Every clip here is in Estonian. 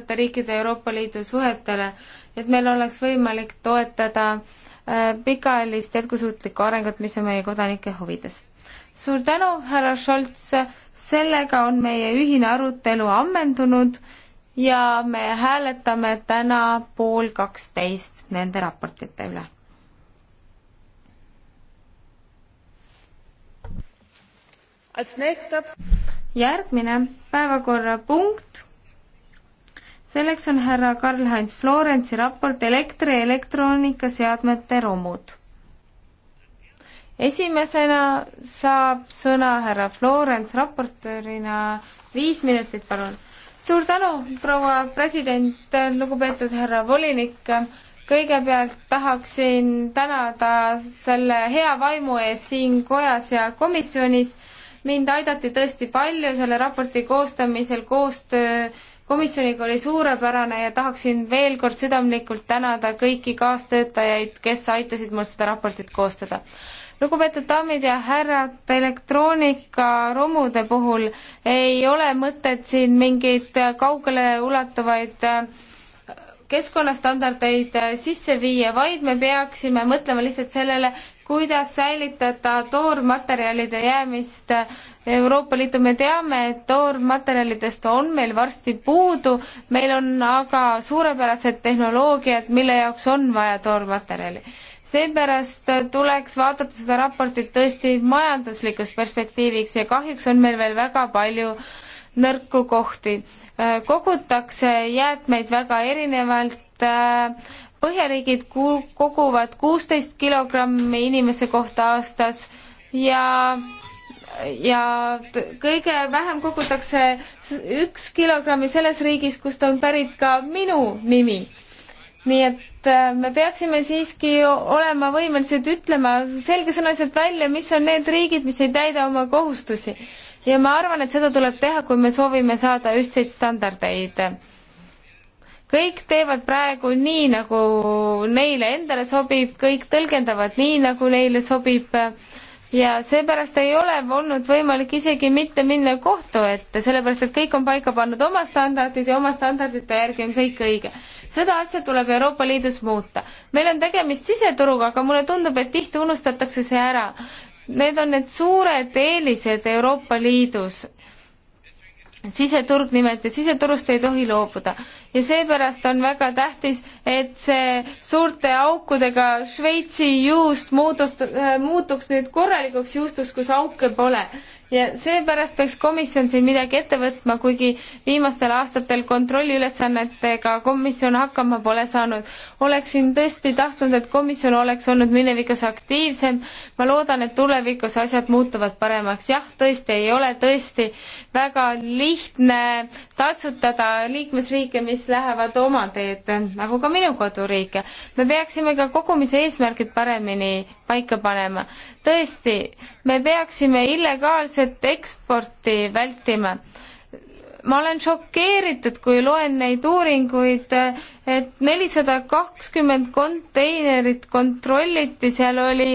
kolmandate riikide Euroopa Liidu suhetele, et meil oleks võimalik toetada äh, pikaajalist jätkusuutlikku arengut, mis on meie kodanike huvides. suur tänu, härra Scholz, sellega on meie ühine arutelu ammendunud ja me hääletame täna pool kaksteist nende raportite üle. järgmine päevakorrapunkt selleks on härra Karl-Heinz Florenzi raport Elektri- ja elektroonikaseadmete romud. esimesena saab sõna härra Florents raportöörina, viis minutit, palun. suur tänu, proua president, lugupeetud härra volinik, kõigepealt tahaksin tänada selle hea vaimu eest siin kojas ja komisjonis, mind aidati tõesti palju selle raporti koostamisel, koostöö komisjoniga oli suurepärane ja tahaksin veel kord südamlikult tänada kõiki kaastöötajaid, kes aitasid mul seda raportit koostada. lugupeetud daamid ja härrad, elektroonikaromude puhul ei ole mõtet siin mingeid kaugele ulatuvaid äh, keskkonnastandardeid äh, sisse viia, vaid me peaksime mõtlema lihtsalt sellele, kuidas säilitada toormaterjalide jäämist Euroopa Liitu, me teame, et toormaterjalidest on meil varsti puudu, meil on aga suurepärased tehnoloogiad, mille jaoks on vaja toormaterjali. seepärast tuleks vaadata seda raportit tõesti majanduslikust perspektiiviks ja kahjuks on meil veel väga palju nõrku kohti kogutakse jäätmeid väga erinevalt Äh, põhjariigid koguvad kuusteist kilogrammi inimese kohta aastas ja ja kõige vähem kogutakse üks kilogrammi selles riigis, kust on pärit ka minu nimi. nii et äh, me peaksime siiski olema võimelised ütlema selgesõnaliselt välja, mis on need riigid, mis ei täida oma kohustusi. ja ma arvan, et seda tuleb teha, kui me soovime saada ühtseid standardeid kõik teevad praegu nii, nagu neile endale sobib, kõik tõlgendavad nii, nagu neile sobib ja seepärast ei ole olnud võimalik isegi mitte minna kohtu ette, sellepärast et kõik on paika pannud oma standardid ja oma standardite järgi on kõik õige. seda asja tuleb Euroopa Liidus muuta. meil on tegemist siseturuga, aga mulle tundub, et tihti unustatakse see ära. Need on need suured eelised Euroopa Liidus siseturg nimelt ja siseturust ei tohi loobuda. ja seepärast on väga tähtis, et see suurte aukudega Šveitsi juust muudust, äh, muutuks nüüd korralikuks juustuks, kus auke pole ja seepärast peaks komisjon siin midagi ette võtma, kuigi viimastel aastatel kontrolliülesannetega komisjon hakkama pole saanud. oleksin tõesti tahtnud, et komisjon oleks olnud minevikus aktiivsem. ma loodan, et tulevikus asjad muutuvad paremaks. jah, tõesti ei ole tõesti väga lihtne tatsutada liikmesriike, mis lähevad oma teed, nagu ka minu koduriik. me peaksime ka kogumise eesmärgid paremini paika panema. tõesti, me peaksime illegaalset eksporti vältima. ma olen šokeeritud, kui loen neid uuringuid, et nelisada kakskümmend konteinerit kontrolliti, seal oli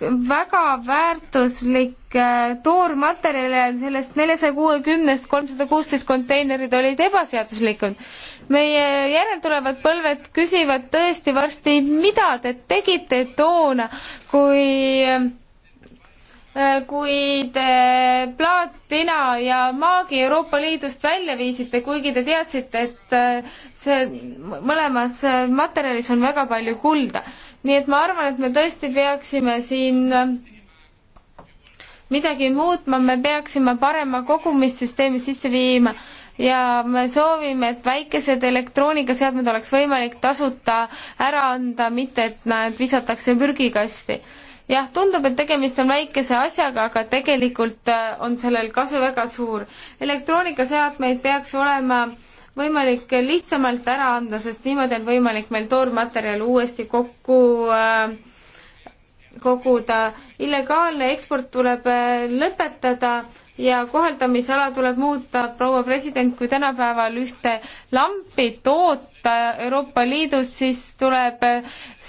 väga väärtuslik äh, toormaterjal ja sellest neljasaja kuuekümnest kolmsada kuusteist konteinerid olid ebaseaduslikud. meie järeltulevad põlved küsivad tõesti varsti, mida te tegite toona, kui äh, Äh, kui te plaatina ja maagi Euroopa Liidust välja viisite, kuigi te teadsite, et äh, see mõlemas äh, materjalis on väga palju kulda. nii et ma arvan, et me tõesti peaksime siin midagi muutma, me peaksime parema kogumissüsteemi sisse viima ja me soovime, et väikesed elektroonikaseadmed oleks võimalik tasuta ära anda, mitte et nad visatakse prügikasti jah, tundub, et tegemist on väikese asjaga, aga tegelikult äh, on sellel kasu väga suur. elektroonikaseadmeid peaks olema võimalik lihtsamalt ära anda, sest niimoodi on võimalik meil toormaterjal uuesti kokku äh, koguda. illegaalne eksport tuleb äh, lõpetada ja kohaldamisala tuleb muuta, proua president, kui tänapäeval ühte lampi toota Euroopa Liidus, siis tuleb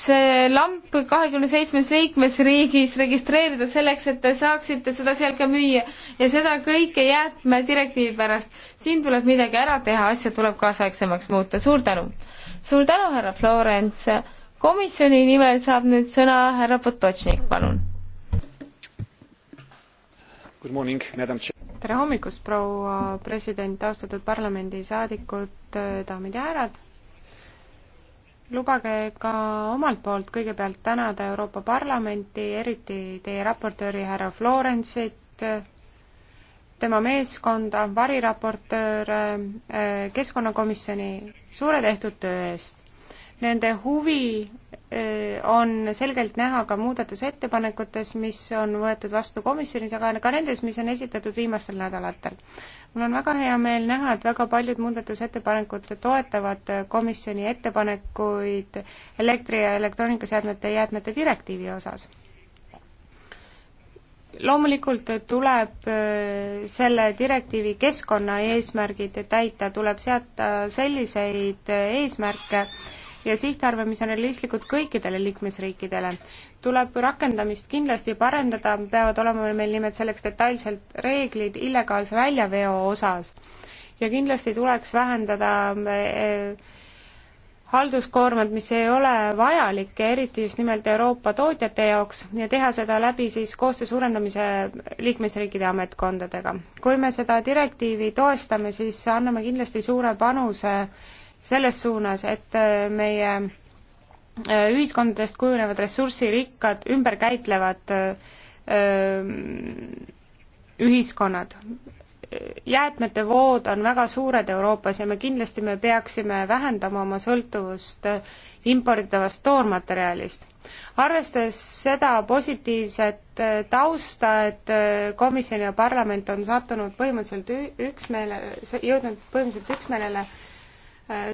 see lamp kahekümne seitsmes liikmesriigis registreerida selleks, et te saaksite seda seal ka müüa ja seda kõike jäätmedirektiivi pärast. siin tuleb midagi ära teha, asja tuleb kaasaegsemaks muuta, suur tänu! suur tänu, härra Florence! komisjoni nimel saab nüüd sõna härra Potočnik, palun tere hommikust, proua president, austatud parlamendisaadikud, daamid ja härrad! lubage ka omalt poolt kõigepealt tänada Euroopa Parlamenti, eriti teie raportööri härra Florence'it, tema meeskonda, variraportööre, keskkonnakomisjoni suure tehtud töö eest. Nende huvi eh, on selgelt näha ka muudatusettepanekutes, mis on võetud vastu komisjonis, aga ka nendes, mis on esitatud viimastel nädalatel. mul on väga hea meel näha, et väga paljud muudatusettepanekud toetavad komisjoni ettepanekuid elektri- ja elektroonikaseadmete jäätmete direktiivi osas loomulikult tuleb eh, selle direktiivi keskkonnaeesmärgid täita, tuleb seata selliseid eh, eesmärke, ja sihtarve, mis on realistlikud kõikidele liikmesriikidele. tuleb rakendamist kindlasti parendada, peavad olema meil nimelt selleks detailselt reeglid illegaalse väljaveo osas ja kindlasti tuleks vähendada eh, halduskoormat, mis ei ole vajalik, eriti just nimelt Euroopa tootjate jaoks ja teha seda läbi siis koostöö suurendamise liikmesriikide ametkondadega. kui me seda direktiivi toestame, siis anname kindlasti suure panuse selles suunas, et äh, meie äh, ühiskondadest kujunevad ressursirikkad, ümberkäitlevad äh, ühiskonnad. jäätmete vood on väga suured Euroopas ja me kindlasti, me peaksime vähendama oma sõltuvust imporditavast toormaterjalist. arvestades seda positiivset tausta, et komisjon ja parlament on sattunud põhimõtteliselt üksmeele, jõudnud põhimõtteliselt üksmeelele,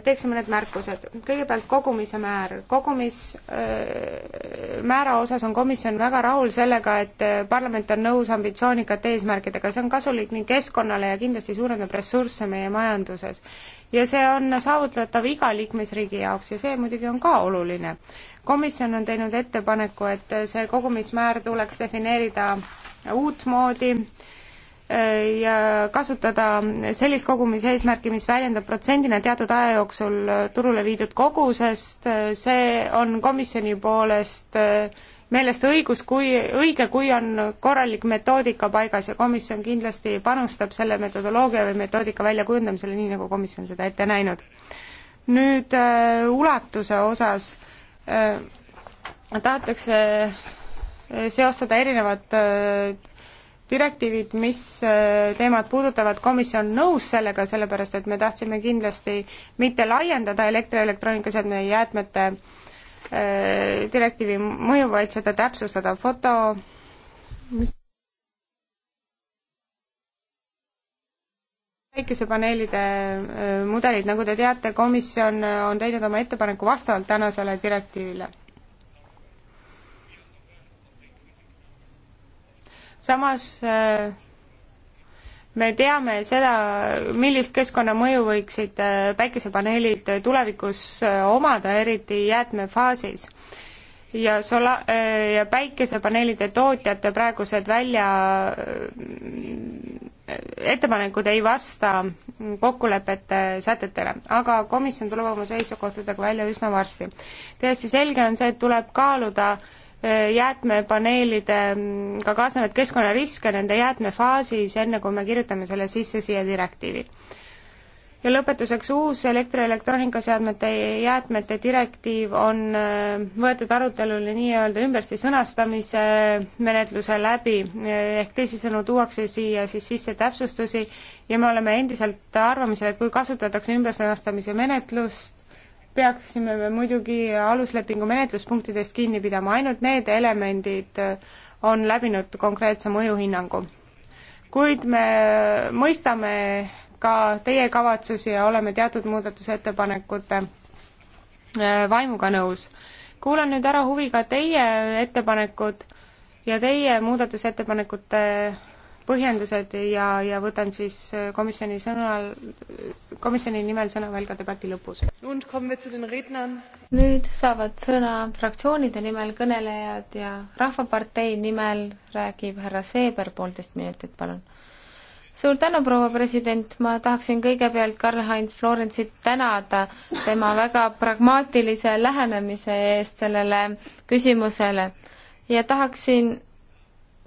teeksime need märkused. kõigepealt kogumise määr. kogumismäära äh, osas on komisjon väga rahul sellega, et äh, parlament on nõus ambitsioonikate eesmärkidega, see on kasulik nii keskkonnale ja kindlasti suurendab ressursse meie majanduses. ja see on saavutatav iga liikmesriigi jaoks ja see muidugi on ka oluline. komisjon on teinud ettepaneku, et see kogumismäär tuleks defineerida uutmoodi, ja kasutada sellist kogumise eesmärki, mis väljendab protsendina teatud aja jooksul turule viidud kogusest, see on komisjoni poolest meelest õigus, kui, õige, kui on korralik metoodika paigas ja komisjon kindlasti panustab selle metodoloogia või metoodika väljakujundamisele, nii nagu komisjon seda ette näinud. nüüd äh, ulatuse osas äh, tahetakse äh, seostada erinevat äh, direktiivid, mis äh, teemat puudutavad, komisjon nõus sellega, sellepärast et me tahtsime kindlasti mitte laiendada elektri- ja elektroonikaseadme jäätmete äh, direktiivi mõju, vaid seda täpsustada. foto, mis päikesepaneelide äh, mudelid, nagu te teate, komisjon on teinud oma ettepaneku vastavalt tänasele direktiivile samas äh, me teame seda, millist keskkonnamõju võiksid äh, päikesepaneelid äh, tulevikus omada, eriti jäätmefaasis. ja sola-, ja päikesepaneelide tootjate praegused välja, ettepanekud ei vasta kokkulepete sätetele, aga komisjon tuleb oma seisukohtadega välja üsna varsti. täiesti selge on see, et tuleb kaaluda äh, Äh, jäätmepaneelidega mm, ka kaasnevaid keskkonnariske nende jäätmefaasis, enne kui me kirjutame selle sisse siia direktiivi. ja lõpetuseks uus elektroelektroonikaseadmete jäätmete direktiiv on äh, võetud arutelule nii-öelda ümbersti sõnastamise äh, menetluse läbi, ehk teisisõnu tuuakse siia siis sisse täpsustusi ja me oleme endiselt arvamisel, et kui kasutatakse ümbersõnastamise menetlust, peaksime me muidugi aluslepingu menetluspunktidest kinni pidama, ainult need elemendid äh, on läbinud konkreetse mõjuhinnangu. kuid me mõistame ka teie kavatsusi ja oleme teatud muudatusettepanekute äh, vaimuga nõus. kuulan nüüd ära huviga teie ettepanekud ja teie muudatusettepanekute põhjendused ja, ja võtan siis äh, komisjoni sõnal, komisjoni nimel sõna veel ka debati lõpus. nüüd saavad sõna fraktsioonide nimel kõnelejad ja Rahvapartei nimel räägib härra Seeber poolteist minutit, palun suur tänu, proua president, ma tahaksin kõigepealt Karl-Heinz Florensit tänada tema väga pragmaatilise lähenemise eest sellele küsimusele ja tahaksin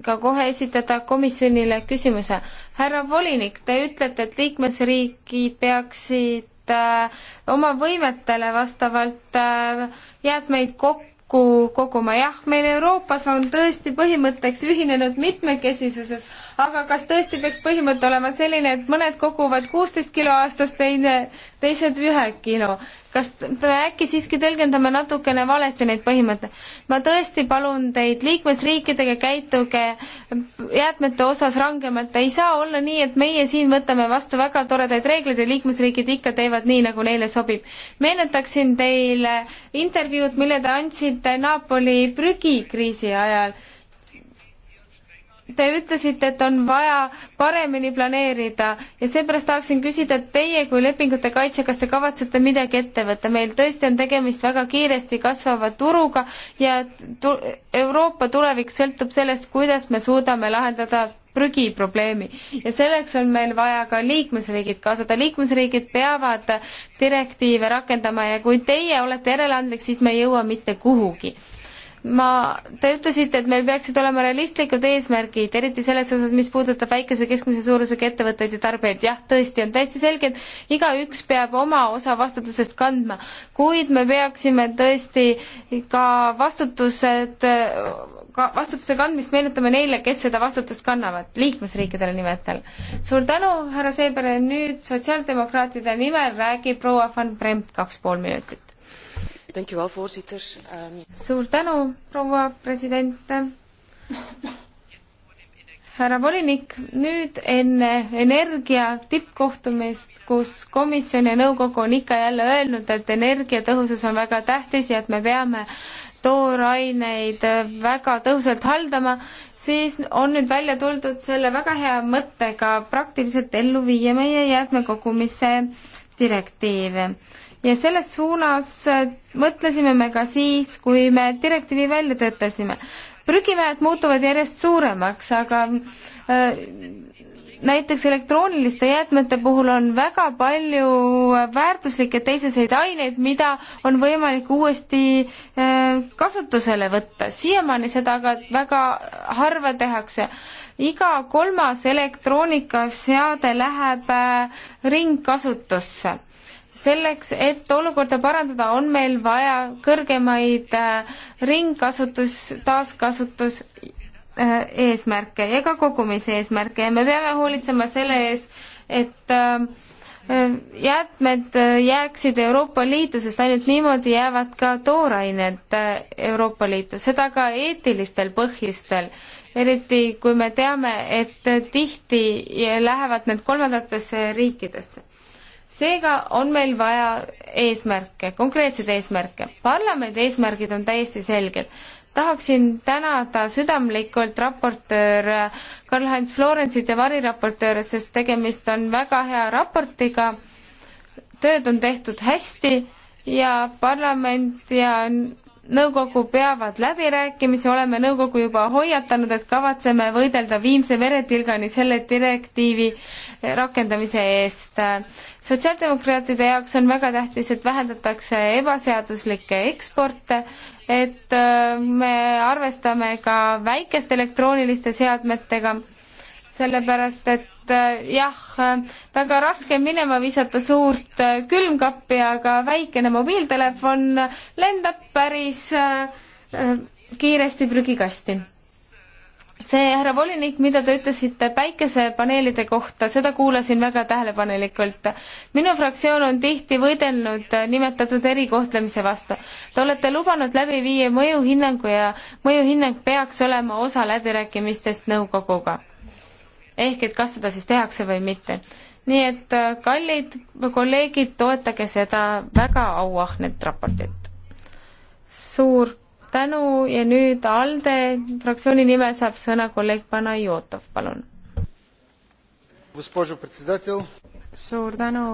ka kohe esitada komisjonile küsimuse. härra volinik, te ütlete, et liikmesriigid peaksid äh, oma võimetele vastavalt äh, jäätmeid kokku koguma. jah, meil Euroopas on tõesti põhimõtteks ühinenud mitmekesisuses aga kas tõesti peaks põhimõte olema selline, et mõned koguvad kuusteist kilo aastas, teine, teised ühe kilo? kas äkki siiski tõlgendame natukene valesti neid põhimõtteid? ma tõesti palun teid, liikmesriikidega käituge jäätmete osas rangemalt, ei saa olla nii, et meie siin võtame vastu väga toredaid reegleid ja liikmesriigid ikka teevad nii, nagu neile sobib. meenutaksin teile intervjuud, mille te andsite Napoli prügikriisi ajal Te ütlesite, et on vaja paremini planeerida ja seepärast tahaksin küsida, et teie kui lepingute kaitsja, kas te kavatsete midagi ette võtta? meil tõesti on tegemist väga kiiresti kasvava turuga ja tu Euroopa tulevik sõltub sellest, kuidas me suudame lahendada prügiprobleemi ja selleks on meil vaja ka liikmesriigid kaasata, liikmesriigid peavad direktiive rakendama ja kui teie olete järeleandlik, siis me ei jõua mitte kuhugi ma, te ütlesite, et meil peaksid olema realistlikud eesmärgid, eriti selles osas, mis puudutab väikese keskmise suurusega ettevõtteid ja tarbijaid. jah, tõesti, on täiesti selge, et igaüks peab oma osa vastutusest kandma, kuid me peaksime tõesti ka vastutused, ka vastutuse kandmist meenutama neile, kes seda vastutust kannavad, liikmesriikidele nimetel. suur tänu, härra Seeber, nüüd sotsiaaldemokraatide nimel räägib proua Van Brempt kaks pool minutit Ehm, suur tänu, proua president härra volinik, nüüd enne energia tippkohtumist, kus komisjon ja nõukogu on ikka jälle öelnud, et energiatõhusus on väga tähtis ja et me peame tooraineid väga tõhusalt haldama, siis on nüüd välja tuldud selle väga hea mõttega praktiliselt ellu viia meie jäätmekogumise direktiiv ja selles suunas äh, mõtlesime me ka siis, kui me direktiivi välja töötasime. prügimäed muutuvad järjest suuremaks, aga äh, näiteks elektrooniliste jäätmete puhul on väga palju äh, väärtuslikke teiseseid aineid, mida on võimalik uuesti äh, kasutusele võtta. siiamaani seda aga väga harva tehakse. iga kolmas elektroonikaseade läheb ringkasutusse selleks, et olukorda parandada, on meil vaja kõrgemaid äh, ringkasutus, taaskasutus äh, eesmärke ja ka kogumise eesmärke ja me peame hoolitsema selle eest, et äh, jäätmed jääksid Euroopa Liitu, sest ainult niimoodi jäävad ka toorained Euroopa Liitu, seda ka eetilistel põhjustel. eriti kui me teame, et tihti lähevad need kolmandatesse riikidesse seega on meil vaja eesmärke, konkreetseid eesmärke. parlamendi eesmärgid on täiesti selged. tahaksin tänada südamlikult raportöör Karl-Heinz Florensit ja variraportööre, sest tegemist on väga hea raportiga, tööd on tehtud hästi ja parlament ja nõukogu peavad läbirääkimisi, oleme nõukogu juba hoiatanud, et kavatseme võidelda viimse veretilgani selle direktiivi eh, rakendamise eest. sotsiaaldemokraatide jaoks on väga tähtis, et vähendatakse ebaseaduslikke eksporte, et eh, me arvestame ka väikeste elektrooniliste seadmetega, sellepärast et Äh, jah, väga raske on minema visata suurt äh, külmkappi, aga väikene mobiiltelefon lendab päris äh, kiiresti prügikasti. see, härra volinik, mida te ütlesite päikesepaneelide kohta, seda kuulasin väga tähelepanelikult. minu fraktsioon on tihti võidelnud nimetatud erikohtlemise vastu. Te olete lubanud läbi viia mõjuhinnangu ja mõjuhinnang peaks olema osa läbirääkimistest nõukoguga ehk et kas seda siis tehakse või mitte. nii et äh, kallid kolleegid, toetage seda väga auahnet raportit. suur tänu ja nüüd ALDE fraktsiooni nimel saab sõna kolleeg Panajotov, palun. suur tänu,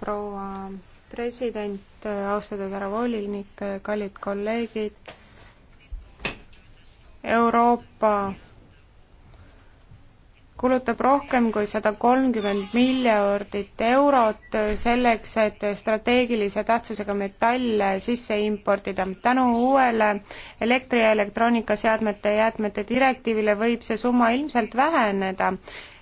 proua president, austatud härra volinik, kallid kolleegid. Euroopa kulutab rohkem kui sada kolmkümmend miljardit eurot selleks, et strateegilise tähtsusega metalle sisse importida. tänu uuele elektri- ja elektroonikaseadmete jäätmete direktiivile võib see summa ilmselt väheneda.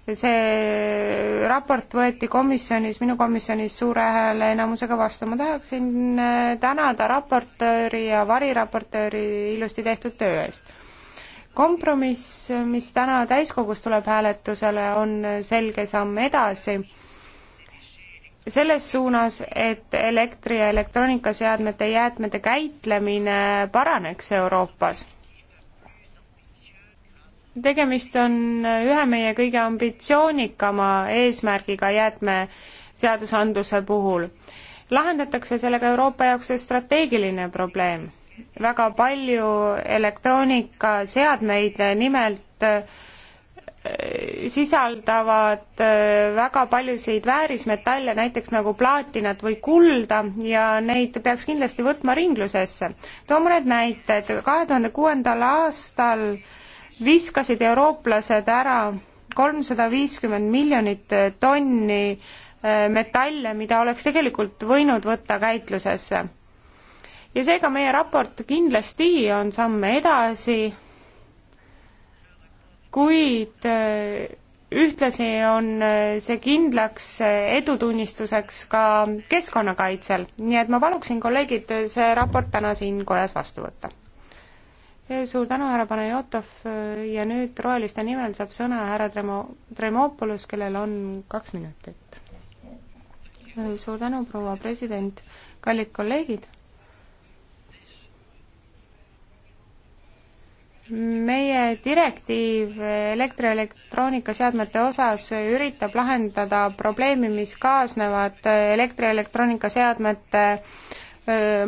see raport võeti komisjonis, minu komisjonis suure hääle enamusega vastu. ma tahaksin äh, tänada raportööri ja variraportööri ilusti tehtud töö eest kompromiss, mis täna täiskogus tuleb hääletusele, on selge samm edasi selles suunas, et elektri- ja elektroonikaseadmete jäätmete käitlemine paraneks Euroopas. tegemist on ühe meie kõige ambitsioonikama eesmärgiga jäätmeseadusandluse puhul. lahendatakse sellega Euroopa jaoks see strateegiline probleem väga palju elektroonikaseadmeid, nimelt äh, sisaldavad äh, väga paljusid väärismetalle, näiteks nagu plaatinat või kulda ja neid peaks kindlasti võtma ringlusesse. too mõned näited, kahe tuhande kuuendal aastal viskasid eurooplased ära kolmsada viiskümmend miljonit tonni äh, metalle, mida oleks tegelikult võinud võtta käitlusesse ja seega meie raport kindlasti on samm edasi, kuid äh, ühtlasi on äh, see kindlaks äh, edutunnistuseks ka keskkonnakaitsel, nii et ma paluksin, kolleegid, see raport täna siin kojas vastu võtta. suur tänu, härra Panajotov ja nüüd Roheliste nimel saab sõna härra Tremo-, Tremopolus, kellel on kaks minutit. suur tänu, proua president, kallid kolleegid meie direktiiv elektroelektroonikaseadmete osas üritab lahendada probleemi, mis kaasnevad elektroelektroonikaseadmete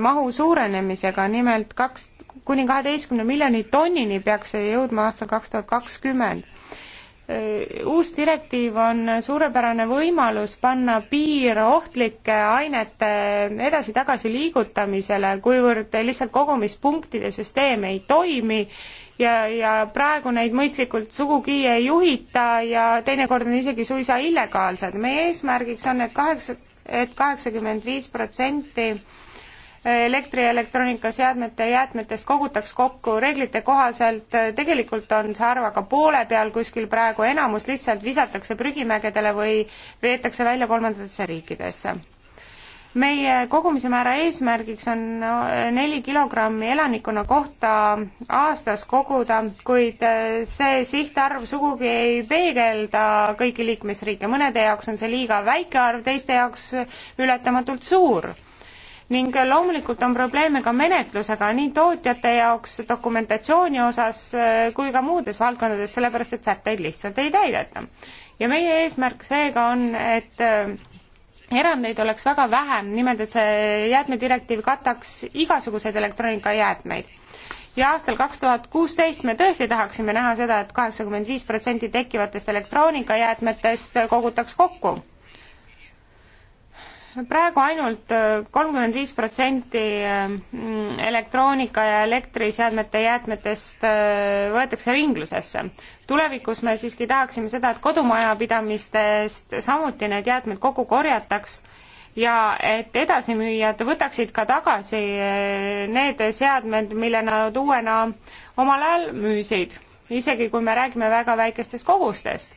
mahu suurenemisega, nimelt kaks, kuni kaheteistkümne miljoni tonnini peaks see jõudma aastal kaks tuhat kakskümmend Äh, uus direktiiv on suurepärane võimalus panna piir ohtlike ainete edasi-tagasi liigutamisele, kuivõrd lihtsalt kogumispunktide süsteem ei toimi ja, ja praegu neid mõistlikult sugugi ei juhita ja teinekord on isegi suisa illegaalsed. meie eesmärgiks on et kaheksa, et kaheksakümmend viis protsenti elektri- ja elektroonikaseadmete jäätmetest kogutaks kokku reeglite kohaselt, tegelikult on see arv aga poole peal kuskil praegu, enamus lihtsalt visatakse prügimägedele või veetakse välja kolmandatesse riikidesse. meie kogumise määra eesmärgiks on neli kilogrammi elanikkonna kohta aastas koguda, kuid see sihtarv sugugi ei peegelda kõiki liikmesriike, mõnede jaoks on see liiga väike arv, teiste jaoks ületamatult suur ning loomulikult on probleeme ka menetlusega nii tootjate jaoks dokumentatsiooni osas äh, kui ka muudes valdkondades, sellepärast et sätteid lihtsalt ei täideta. ja meie eesmärk seega on, et äh, erandeid oleks väga vähe, nimelt et see jäätmedirektiiv kataks igasuguseid elektroonikajäätmeid ja aastal kaks tuhat kuusteist me tõesti tahaksime näha seda et, et kaheksakümmend viis protsenti tekkivatest elektroonikajäätmetest kogutaks kokku praegu ainult äh, kolmkümmend viis protsenti äh, mm, elektroonika ja elektriseadmete jäätmetest äh, võetakse ringlusesse. tulevikus me siiski tahaksime seda, et kodumajapidamistest samuti need jäätmed kokku korjataks ja et edasimüüjad võtaksid ka tagasi need seadmed, mille nad uuena omal ajal müüsid, isegi kui me räägime väga väikestest kogustest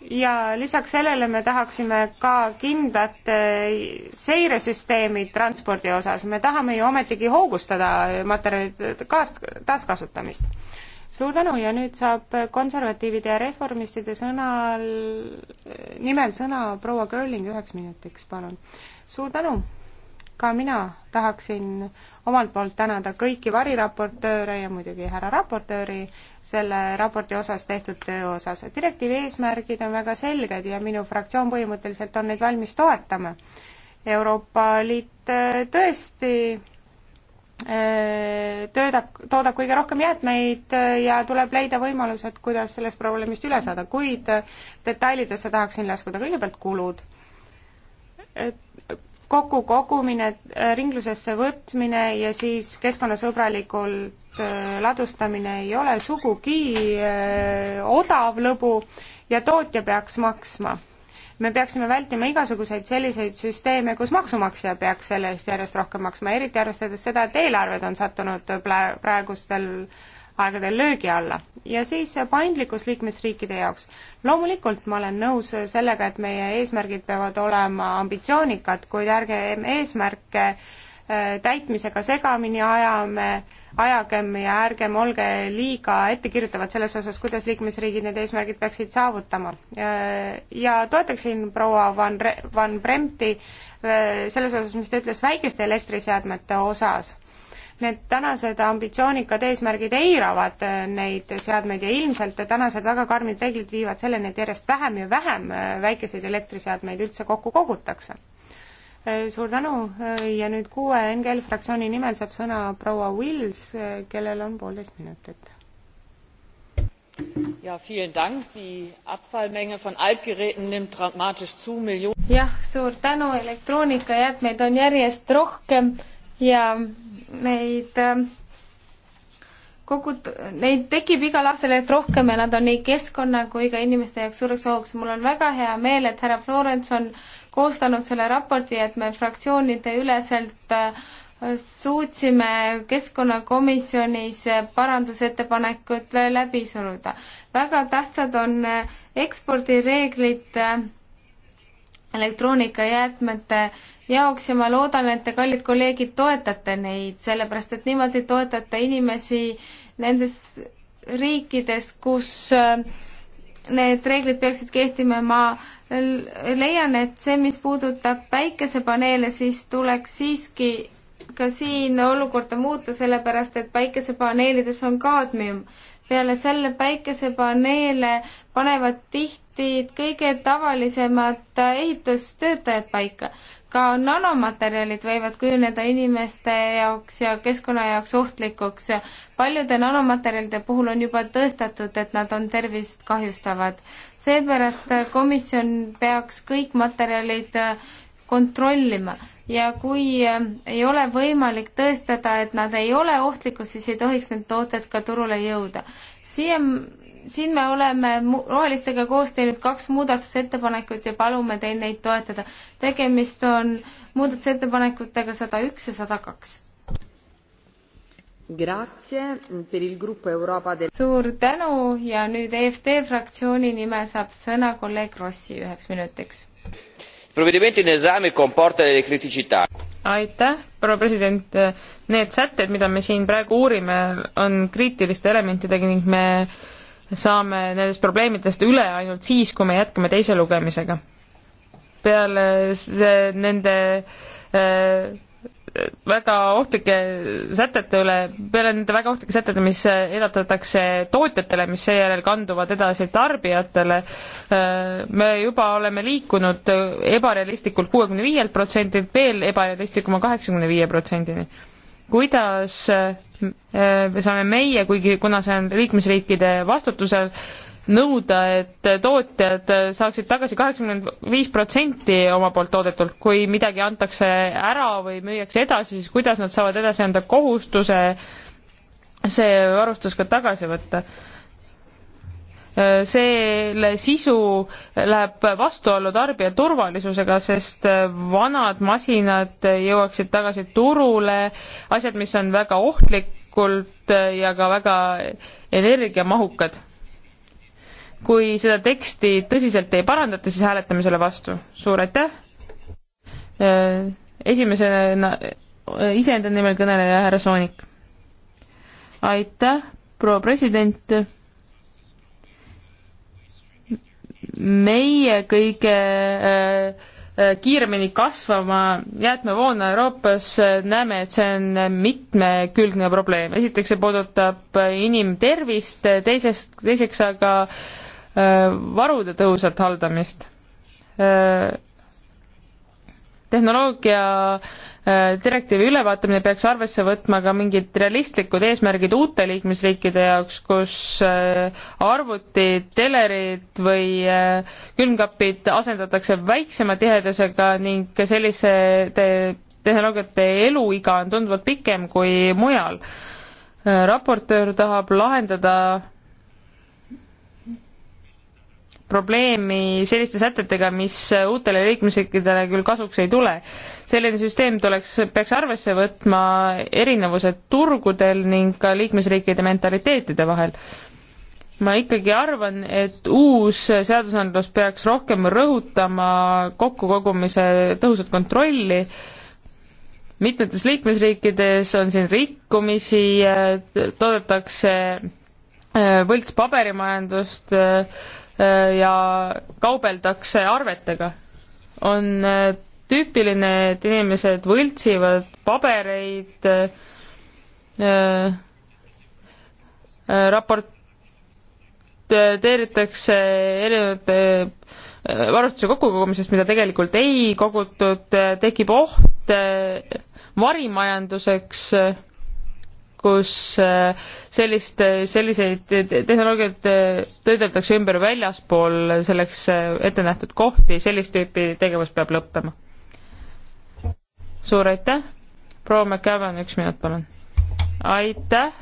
ja lisaks sellele me tahaksime ka kindlat eh, seiresüsteemi transpordi osas, me tahame ju ometigi hoogustada materjalide kaas-, taaskasutamist. suur tänu ja nüüd saab konservatiivide ja reformistide sõnal, nimel sõna proua Gröling üheks minutiks, palun. suur tänu ka mina tahaksin omalt poolt tänada kõiki variraportööre ja muidugi härra raportööri selle raporti osas tehtud töö osas. direktiivi eesmärgid on väga selged ja minu fraktsioon põhimõtteliselt on neid valmis toetama. Euroopa Liit äh, tõesti äh, töödab, toodab kõige rohkem jäätmeid äh, ja tuleb leida võimalused, kuidas sellest probleemist üle saada, kuid detailidesse tahaksin laskuda. kõigepealt kulud. et kokkukogumine, äh, ringlusesse võtmine ja siis keskkonnasõbralikult äh, ladustamine ei ole sugugi äh, odav lõbu ja tootja peaks maksma. me peaksime vältima igasuguseid selliseid süsteeme, kus maksumaksja peaks selle eest järjest rohkem maksma, eriti arvestades seda, et eelarved on sattunud praegustel aegadel löögi alla. ja siis paindlikkus liikmesriikide jaoks. loomulikult ma olen nõus sellega, et meie eesmärgid peavad olema ambitsioonikad, kuid ärgem eesmärke äh, täitmisega segamini ajame, ajagem ja ärgem olge liiga ettekirjutavad selles osas, kuidas liikmesriigid need eesmärgid peaksid saavutama. Äh, ja toetaksin proua Van Re-, Van Bremti äh, selles osas, mis ta ütles väikeste elektriseadmete osas need tänased ambitsioonikad eesmärgid eiravad äh, neid seadmeid ja ilmselt tänased väga karmid reeglid viivad selleni, et järjest vähem ja vähem äh, väikeseid elektriseadmeid üldse kokku kogutakse. Äh, suur tänu ja nüüd kuue NGL fraktsiooni nimel saab sõna proua Wills, kellel on poolteist minutit Ja, die abfallmenge von altgeräten nimmt dramatisch zu millionen. jah suur tänu elektroonikajäätmeid on järjest rohkem ja neid äh, kogu, neid tekib igal aastal järjest rohkem ja nad on nii keskkonna kui ka inimeste jaoks suureks ohuks. mul on väga hea meel, et härra Florence on koostanud selle raporti, et me fraktsioonide üleselt äh, suutsime keskkonnakomisjonis äh, parandusettepanekud läbi suruda. väga tähtsad on ekspordireeglid elektroonikajäätmete jaoks ja ma loodan, et te, kallid kolleegid, toetate neid, sellepärast et niimoodi toetate inimesi nendes riikides, kus äh, need reeglid peaksid kehtima, ma leian, et see, mis puudutab päikesepaneele, siis tuleks siiski ka siin olukorda muuta, sellepärast et päikesepaneelides on kaadmium. peale selle päikesepaneele panevad tihti kõige tavalisemad äh, ehitustöötajad paika ka nanomaterjalid võivad kujuneda inimeste jaoks ja keskkonna jaoks ohtlikuks. paljude nanomaterjalide puhul on juba tõestatud, et nad on tervist kahjustavad. seepärast komisjon peaks kõik materjalid äh, kontrollima ja kui äh, ei ole võimalik tõestada, et nad ei ole ohtlikud, siis ei tohiks need tooted ka turule jõuda. siia siin me oleme rohelistega koos teinud kaks muudatusettepanekut ja palume teil neid toetada. tegemist on muudatusettepanekutega sada üks ja sada kaks. suur tänu ja nüüd EFD fraktsiooni nimel saab sõna kolleeg Rossi üheks minutiks. aitäh, proua president. Need sätted, mida me siin praegu uurime, on kriitiliste elementidega ning me saame nendest probleemidest üle ainult siis, kui me jätkame teise lugemisega. peale see, nende äh, väga ohtlike sätete üle, peale nende väga ohtlike sätete, mis edatatakse tootjatele, mis seejärel kanduvad edasi tarbijatele, äh, me juba oleme liikunud ebarealistlikult kuuekümne viielt protsendilt veel ebarealistlikuma kaheksakümne viie protsendini kuidas äh, me saame meie, kuigi kuna see on liikmesriikide vastutusel, nõuda, et tootjad saaksid tagasi kaheksakümmend viis protsenti oma poolt toodetult, kui midagi antakse ära või müüakse edasi, siis kuidas nad saavad edasi anda kohustuse see varustus ka tagasi võtta selle sisu läheb vastuollu tarbija turvalisusega, sest vanad masinad jõuaksid tagasi turule, asjad, mis on väga ohtlikult ja ka väga energiamahukad. kui seda teksti tõsiselt ei parandata, siis hääletame selle vastu. suur aitäh! esimesena iseenda nimel kõneleja härra Soonik. aitäh, proua president meie kõige äh, äh, kiiremini kasvama jäätmevoona Euroopas äh, näeme, et see on mitmekülgne probleem. esiteks see puudutab inimtervist, teisest, teiseks aga varude tõhusat haldamist. tehnoloogia Äh, direktiivi ülevaatamine peaks arvesse võtma ka mingid realistlikud eesmärgid uute liikmesriikide jaoks, kus äh, arvutid, telerid või äh, külmkapid asendatakse väiksema tihedusega ning sellise te tehnoloogiate eluiga on tunduvalt pikem kui mujal. raportöör tahab lahendada probleemi selliste sätetega, mis uutele liikmesriikidele küll kasuks ei tule. selline süsteem tuleks, peaks arvesse võtma erinevused turgudel ning ka liikmesriikide mentaliteetide vahel. ma ikkagi arvan, et uus seadusandlus peaks rohkem rõhutama kokkukogumise tõhusat kontrolli, mitmetes liikmesriikides on siin rikkumisi, toodetakse äh, võltspaberimajandust, äh, Äh, ja kaubeldakse arvetega. on äh, tüüpiline, et inimesed võltsivad pabereid äh,, äh raporteeritakse erinevate varustuse kokkukogumisest, mida tegelikult ei kogutud, tekib oht varimajanduseks äh, kus äh, sellist, äh, selliseid tehnoloogiaid äh, töödeldakse ümber väljaspool selleks ette nähtud kohti, sellist tüüpi tegevus peab lõppema. suur aitäh, proua McCavan, üks minut, palun. aitäh,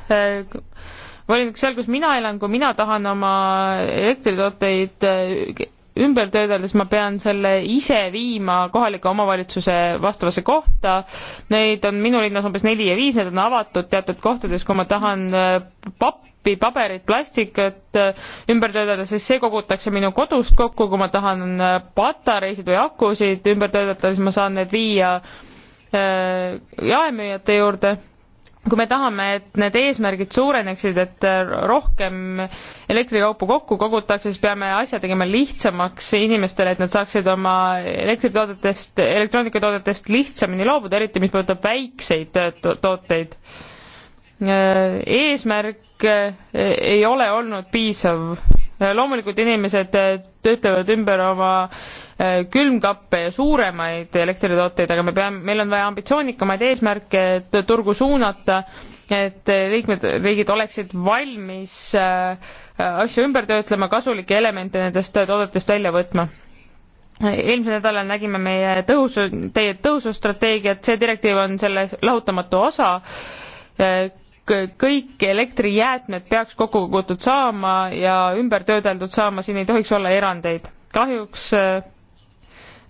volinik, seal, kus mina elan, kui mina tahan oma elektritooteid ümber töödeldes ma pean selle ise viima kohaliku omavalitsuse vastavasse kohta. Neid on minu linnas umbes neli ja viis, need on avatud teatud kohtades, kui ma tahan äh, pappi, paberit, plastikut äh, ümber töödelda, siis see kogutakse minu kodust kokku, kui ma tahan äh, patareisid või akusid ümber töödelda, siis ma saan need viia jaemüüjate juurde kui me tahame, et need eesmärgid suureneksid, et rohkem elektrikaupu kokku kogutakse, siis peame asja tegema lihtsamaks inimestele, et nad saaksid oma elektritoodetest, elektroonikatoodetest lihtsamini loobuda, eriti mis puudutab väikseid to tooteid. eesmärk eh, ei ole olnud piisav. loomulikult inimesed eh, töötlevad ümber oma Äh, külmkappe ja suuremaid elektritooteid, aga me peame, meil on vaja ambitsioonikamaid eesmärke, et turgu suunata, et liikmed, riigid oleksid valmis äh, asju ümber töötlema, kasulikke elemente nendest toodetest välja võtma eelmisel nädalal nägime meie tõhusu, teie tõhususstrateegiat, see direktiiv on selle lahutamatu osa äh, kõik elektrijäätmed peaks kokku kogutud saama ja ümber töödeldud saama, siin ei tohiks olla erandeid. kahjuks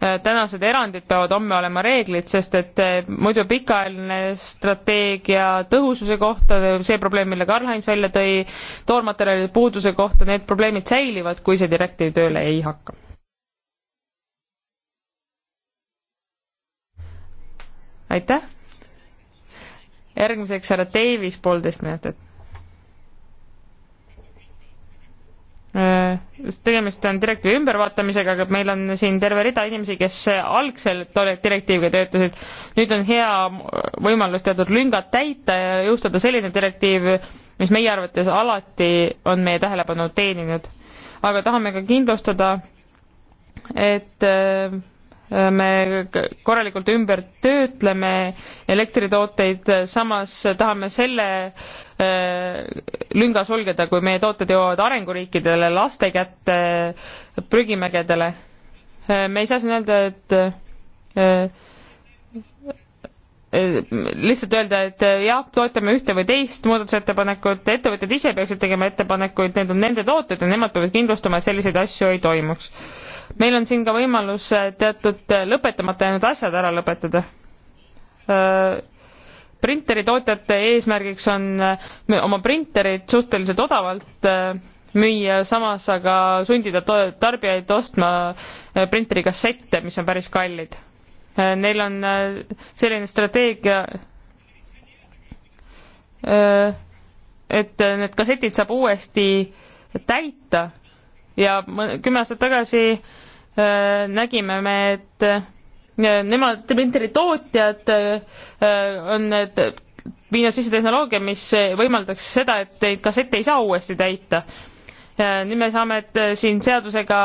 Äh, tänased erandid peavad homme olema reeglid, sest et äh, muidu pikaajaline strateegia tõhususe kohta, see probleem, mille Karl-Heinz välja tõi, toormaterjalide puuduse kohta, need probleemid säilivad, kui see direktiiv tööle ei hakka. aitäh! järgmiseks härra Davis, poolteist minutit Äh, tegemist on direktiivi ümbervaatamisega, aga meil on siin terve rida inimesi, kes algselt direktiiviga töötasid. nüüd on hea võimalus teatud lüngad täita ja jõustada selline direktiiv, mis meie arvates alati on meie tähelepanu teeninud. aga tahame ka kindlustada, et äh, me korralikult ümber töötleme elektritooteid, samas tahame selle äh, lünga sulgeda, kui meie tooted jõuavad arenguriikidele, laste kätte, prügimägedele. Äh, me ei saa siin öelda, et äh, lihtsalt öelda, et jah, toetame ühte või teist muudatusettepanekut, ettevõtted ise peaksid tegema ettepanekuid, need on nende tooted ja nemad peavad kindlustama, et selliseid asju ei toimuks meil on siin ka võimalus eh, teatud eh, lõpetamata jäänud asjad ära lõpetada. Äh, printeritootjate eesmärgiks on eh, oma printerid suhteliselt odavalt müüa, samas aga sundida tarbijaid ostma printeri kassette, mis on päris kallid. Neil on selline strateegia, et need kassetid saab uuesti täita ja kümme aastat tagasi äh, nägime me, et äh, nemad, printeritootjad äh, on need viinud sisse tehnoloogia, mis võimaldaks seda, et neid kassette ei saa uuesti täita. nüüd me saame siin seadusega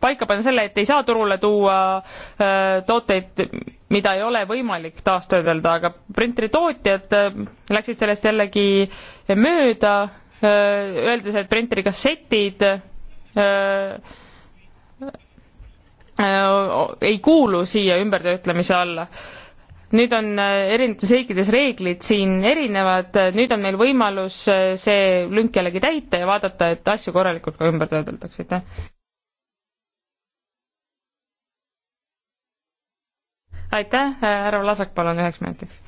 paika panna selle, et ei saa turule tuua tooteid, mida ei ole võimalik taastöödelda, aga printeritootjad läksid sellest jällegi mööda Äh, öeldes, et printerikassetid äh, äh, ei kuulu siia ümbertöötlemise alla. nüüd on erinevates riikides reeglid siin erinevad, nüüd on meil võimalus see lünk jällegi täita ja vaadata, et asju korralikult ka ümber töödeldakse, aitäh. aitäh, härra Lasak, palun üheks minutiks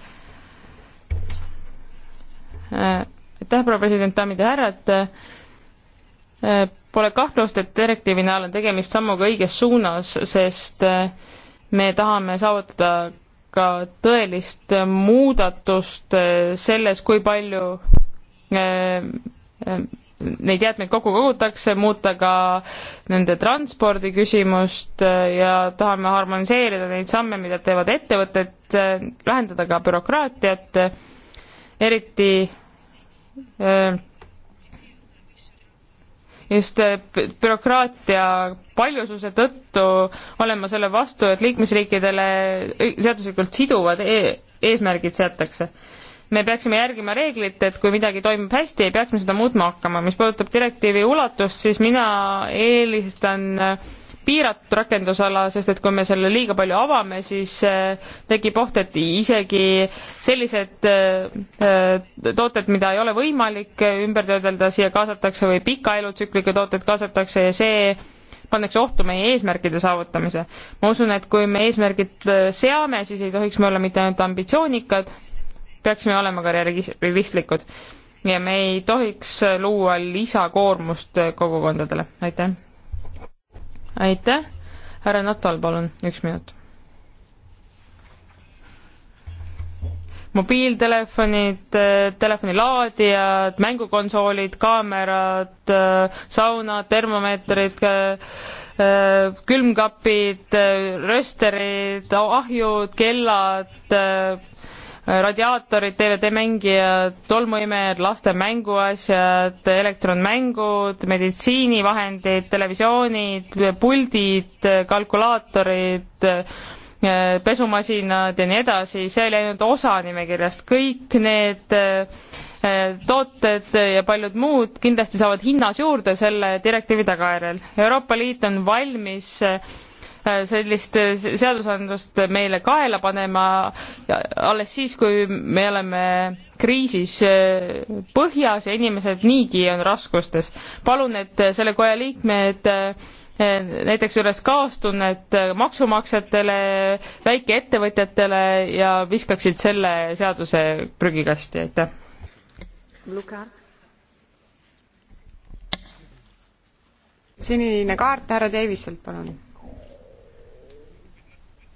aitäh, proua president, daamid ja härrad. Äh, pole kahtlust, et direktiivi näol on tegemist sammuga õiges suunas, sest äh, me tahame saavutada ka tõelist muudatust äh, selles, kui palju neid jäätmeid kokku kogutakse, muuta ka nende transpordi küsimust ja tahame harmoniseerida neid samme, mida teevad ettevõtted, vähendada ka bürokraatiat, eriti Äh, just äh, bürokraatia paljususe tõttu olen ma selle vastu, et liikmesriikidele seaduslikult siduvad e eesmärgid seatakse. me peaksime järgima reeglit, et kui midagi toimib hästi, ei peaks me seda muutma hakkama. mis puudutab direktiivi ulatust, siis mina eelistan äh, piiratud rakendusala, sest et kui me selle liiga palju avame, siis äh, tekib oht, et isegi sellised äh, äh, tooted, mida ei ole võimalik ümber töödelda, siia kaasatakse või pika elutsükliga tooted kaasatakse ja see pannakse ohtu meie eesmärkide saavutamise. ma usun, et kui me eesmärgid seame, siis ei tohiks me olla mitte ainult ambitsioonikad, peaksime olema ka realistlikud ja me ei tohiks luua lisakoormust kogukondadele, aitäh aitäh, härra Natal, palun, üks minut. mobiiltelefonid, äh, telefonilaadijad, mängukonsoolid, kaamerad, äh, saunad, termomeetrid, äh, külmkapid, rösterid, ahjud, kellad, radiaatorid, DVD-mängijad, tolmuimejad, laste mänguasjad, elektronmängud, meditsiinivahendid, televisioonid, puldid, kalkulaatorid, pesumasinad ja nii edasi, see oli ainult osa nimekirjast, kõik need eh, tooted ja paljud muud kindlasti saavad hinnas juurde selle direktiivi tagajärjel. Euroopa Liit on valmis eh, Äh, sellist äh, seadusandlust meile kaela panema alles siis, kui me oleme kriisis äh, põhjas ja inimesed niigi on raskustes. palun, et selle koja liikmed näiteks üles kaastunnet maksumaksjatele, väikeettevõtjatele ja viskaksid selle seaduse prügikasti, aitäh. sinine kaart härra Davisilt, palun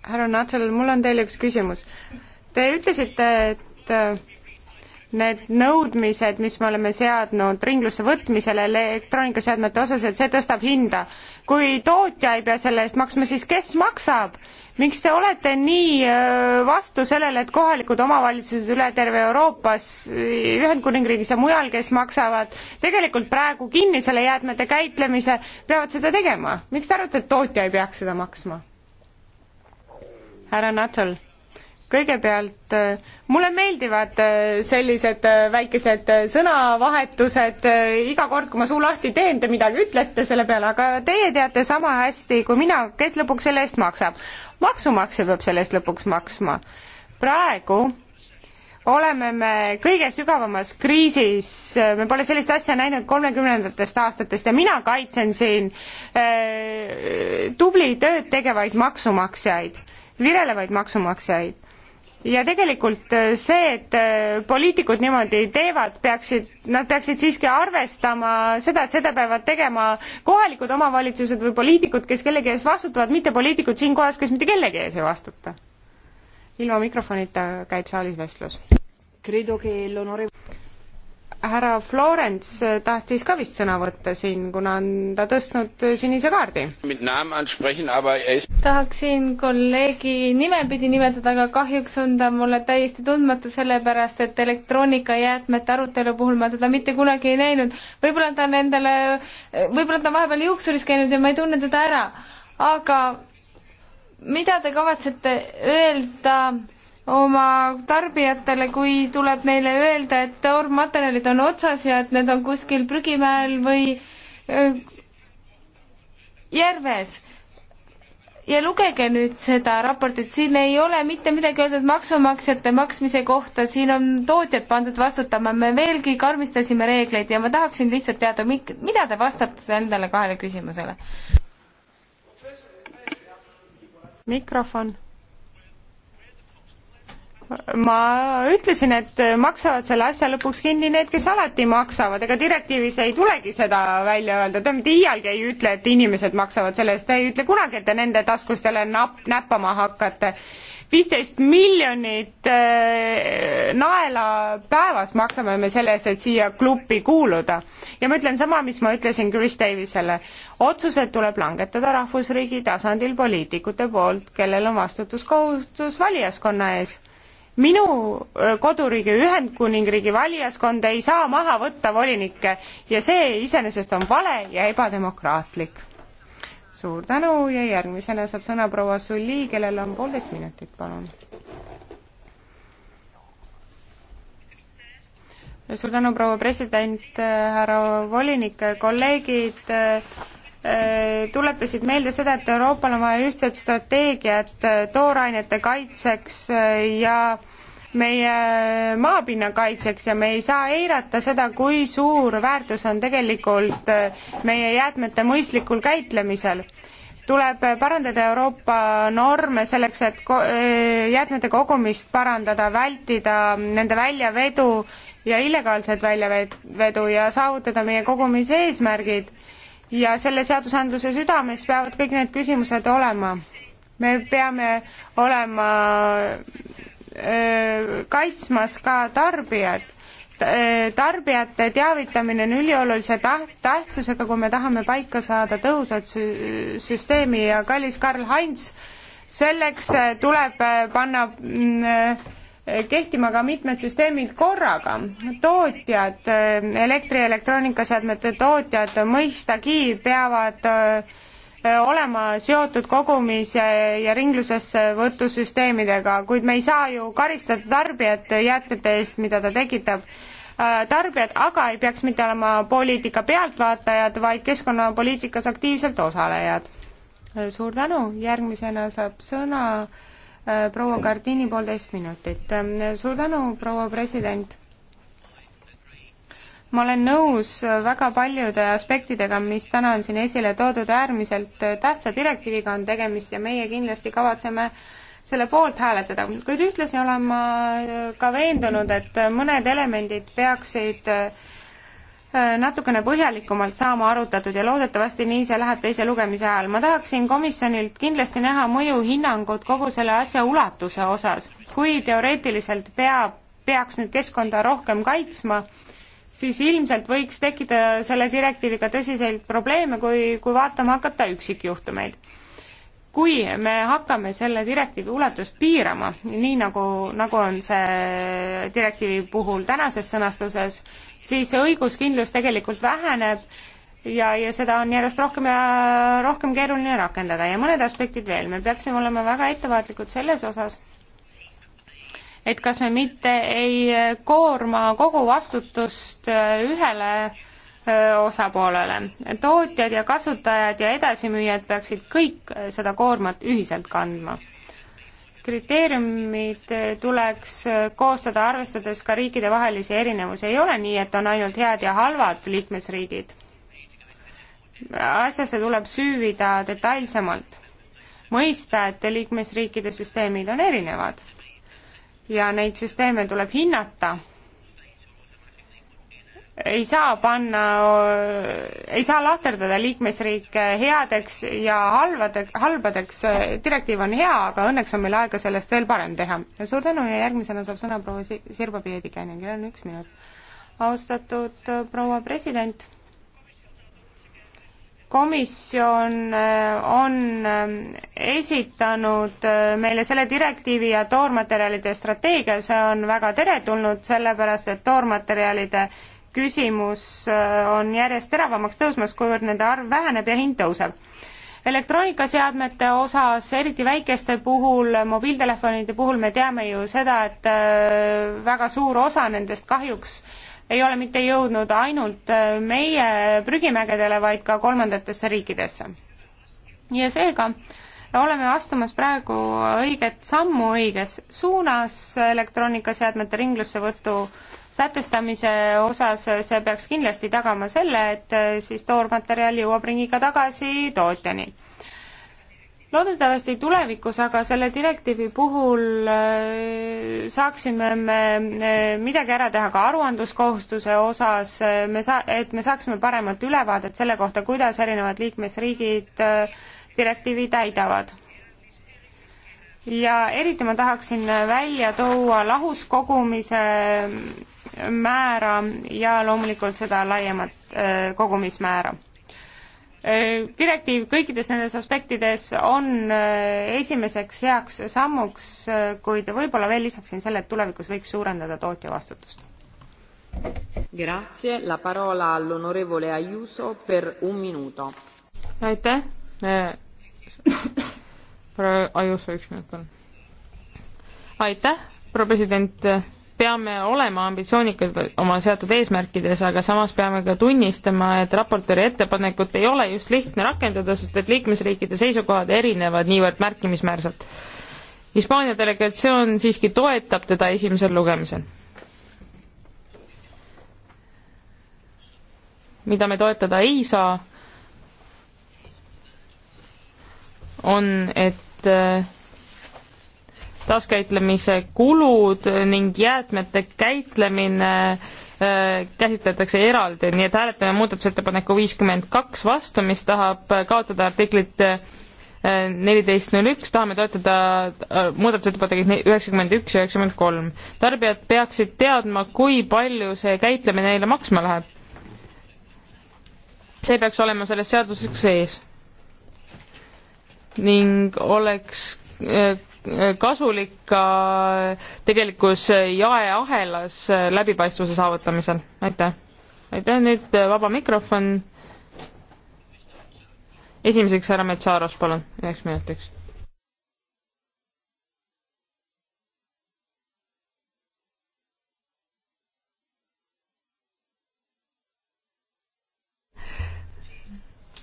härra Natsal, mul on teile üks küsimus. Te ütlesite, et äh, need nõudmised, mis me oleme seadnud ringlusse võtmisele elektroonikaseadmete osas, et see tõstab hinda. kui tootja ei pea selle eest maksma, siis kes maksab? miks te olete nii äh, vastu sellele, et kohalikud omavalitsused üle terve Euroopas, äh, Ühendkuningriigis ja mujal, kes maksavad tegelikult praegu kinni selle jäätmete käitlemise, peavad seda tegema? miks te arvate, et tootja ei peaks seda maksma? härra Nuttall kõigepealt äh, mulle meeldivad äh, sellised äh, väikesed sõnavahetused, iga kord, kui ma suu lahti teen, te midagi ütlete selle peale, aga teie teate sama hästi kui mina, kes lõpuks selle eest maksab. maksumaksja peab selle eest lõpuks maksma. praegu oleme me kõige sügavamas kriisis, me pole sellist asja näinud kolmekümnendatest aastatest ja mina kaitsen siin äh, tubli tööd tegevaid maksumaksjaid virelevaid maksumaksjaid. ja tegelikult äh, see, et äh, poliitikud niimoodi teevad, peaksid, nad peaksid siiski arvestama seda, et seda peavad tegema kohalikud omavalitsused või poliitikud, kes kellegi ees vastutavad, mitte poliitikud siinkohas, kes mitte kellegi ees ei vastuta. ilma mikrofonita käib saalis vestlus härra Florence tahtis ka vist sõna võtta siin, kuna on ta tõstnud sinise kaardi. Er tahaksin kolleegi nimepidi nimetada, aga kahjuks on ta mulle täiesti tundmatu, sellepärast et elektroonikajäätmete arutelu puhul ma teda mitte kunagi ei näinud. võib-olla ta on endale, võib-olla ta on vahepeal juuksuris käinud ja ma ei tunne teda ära, aga mida te kavatsete öelda oma tarbijatele, kui tuleb neile öelda, et toormaterjalid on otsas ja et need on kuskil prügimäel või järves. ja lugege nüüd seda raportit, siin ei ole mitte midagi öeldud maksumaksjate maksmise kohta, siin on tootjad pandud vastutama, me veelgi karmistasime reegleid ja ma tahaksin lihtsalt teada, mida te vastate endale kahele küsimusele? mikrofon ma ütlesin, et maksavad selle asja lõpuks kinni need, kes alati maksavad, ega direktiivis ei tulegi seda välja öelda, te mitte iialgi ei ütle, et inimesed maksavad selle eest, te ei ütle kunagi, et te nende taskust jälle nap-, näppama hakkate. viisteist miljonit äh, naela päevas maksame me selle eest, et siia klubi kuuluda. ja ma ütlen sama, mis ma ütlesin Chris Davisele, otsused tuleb langetada rahvusriigi tasandil poliitikute poolt, kellel on vastutuskohustus valijaskonna ees minu koduriigi Ühendkuningriigi valijaskond ei saa maha võtta volinikke ja see iseenesest on vale ja ebademokraatlik. suur tänu ja järgmisena saab sõna proua Sulli, kellel on poolteist minutit, palun. suur tänu, proua president, äh, härra volinik, kolleegid äh, Äh, tuletasid meelde seda, et Euroopal on vaja ühtset strateegiat äh, toorainete kaitseks äh, ja meie maapinna kaitseks ja me ei saa eirata seda, kui suur väärtus on tegelikult meie jäätmete mõistlikul käitlemisel. tuleb parandada Euroopa norme selleks, et ko-, jäätmete kogumist parandada, vältida nende väljavedu ja illegaalset väljavedu ja saavutada meie kogumise eesmärgid ja selle seadusandluse südames peavad kõik need küsimused olema. me peame olema öö, kaitsmas ka tarbijad tarbijate teavitamine on üliolulise taht-, tähtsusega, kui me tahame paika saada tõhusat sü-, süsteemi ja kallis Karl Heinz, selleks äh, tuleb äh, panna mm, kehtima ka mitmed süsteemid korraga. tootjad, elektri- ja elektroonikaseadmete tootjad mõistagi peavad olema seotud kogumis- ja ringlusesse võtusüsteemidega, kuid me ei saa ju karistada tarbijat jäätmete eest, mida ta tekitab. tarbijad aga ei peaks mitte olema poliitika pealtvaatajad, vaid keskkonnapoliitikas aktiivselt osalejad. suur tänu, järgmisena saab sõna äh, Äh, proua Gardini poolteist minutit. Ähm, suur tänu, proua president ma olen nõus äh, väga paljude aspektidega, mis täna on siin esile toodud, äärmiselt äh, tähtsa direktiiviga on tegemist ja meie kindlasti kavatseme selle poolt hääletada, kuid ühtlasi olen ma ka veendunud, et mõned elemendid peaksid äh, Äh, natukene põhjalikumalt saama arutatud ja loodetavasti nii see läheb teise lugemise ajal. ma tahaksin komisjonilt kindlasti näha mõjuhinnangut kogu selle asja ulatuse osas. kui teoreetiliselt peab, peaks nüüd keskkonda rohkem kaitsma, siis ilmselt võiks tekkida selle direktiiviga tõsiseid probleeme, kui, kui vaatama hakata üksikjuhtumeid kui me hakkame selle direktiivi ulatust piirama, nii nagu, nagu on see direktiivi puhul tänases sõnastuses, siis see õiguskindlus tegelikult väheneb ja, ja seda on järjest rohkem ja rohkem keeruline rakendada ja mõned aspektid veel, me peaksime olema väga ettevaatlikud selles osas, et kas me mitte ei koorma kogu vastutust äh, ühele äh, osapoolele. tootjad ja kasutajad ja edasimüüjad peaksid kõik seda koormat ühiselt kandma. kriteeriumid tuleks koostada, arvestades ka riikidevahelisi erinevusi, ei ole nii, et on ainult head ja halvad liikmesriigid. asjasse tuleb süüvida detailsemalt, mõista, et liikmesriikide süsteemid on erinevad ja neid süsteeme tuleb hinnata ei saa panna, ei saa lahterdada liikmesriike headeks ja halvade, halbadeks, direktiiv on hea, aga õnneks on meil aega sellest veel parem teha. suur tänu ja järgmisena saab sõna proua Sirba Piedikäinen, kellel on üks minut. austatud äh, proua president, komisjon äh, on äh, esitanud meile selle direktiivi ja toormaterjalide strateegia, see on väga teretulnud, sellepärast et toormaterjalide küsimus äh, on järjest teravamaks tõusmas, kuivõrd nende arv väheneb ja hind tõuseb. elektroonikaseadmete osas, eriti väikeste puhul, mobiiltelefonide puhul me teame ju seda, et äh, väga suur osa nendest kahjuks ei ole mitte jõudnud ainult äh, meie prügimägedele, vaid ka kolmandatesse riikidesse. ja seega oleme astumas praegu õiget sammu õiges suunas elektroonikaseadmete ringlussevõtu sätestamise osas see peaks kindlasti tagama selle, et eh, siis toormaterjal jõuab ringiga tagasi tootjani. loodetavasti tulevikus aga selle direktiivi puhul eh, saaksime me eh, midagi ära teha ka aruandluskohustuse osas, me saa-, et me saaksime paremat ülevaadet selle kohta, kuidas erinevad liikmesriigid direktiivi täidavad ja eriti ma tahaksin välja tuua lahuskogumise määra ja loomulikult seda laiemat äh, kogumismäära. Äh, direktiiv kõikides nendes aspektides on äh, esimeseks heaks sammuks, kuid võib-olla veel lisaksin selle, et tulevikus võiks suurendada tootja vastutust. Grazie, la parola all'onorevole Ayuso per un minuto. aitäh. Ayuso, üks minut palun. aitäh, proua president peame olema ambitsioonikad oma seatud eesmärkides, aga samas peame ka tunnistama, et raportööri ettepanekut ei ole just lihtne rakendada, sest et liikmesriikide seisukohad erinevad niivõrd märkimisväärselt. Hispaania delegatsioon siiski toetab teda esimesel lugemisel. mida me toetada ei saa, on, et taaskäitlemise kulud ning jäätmete käitlemine äh, käsitletakse eraldi, nii et hääletame muudatusettepaneku viiskümmend kaks vastu, mis tahab kaotada artiklit äh, neliteist null üks, tahame toetada äh, muudatusettepanekuid üheksakümmend üks ja üheksakümmend kolm. tarbijad peaksid teadma, kui palju see käitlemine neile maksma läheb. see peaks olema selles seaduses sees. ning oleks kasulik ka tegelikus jaeahelas läbipaistvuse saavutamisel. aitäh! aitäh, nüüd äh, vaba mikrofon. esimeseks härra Metsaaros, palun, üheks minutiks.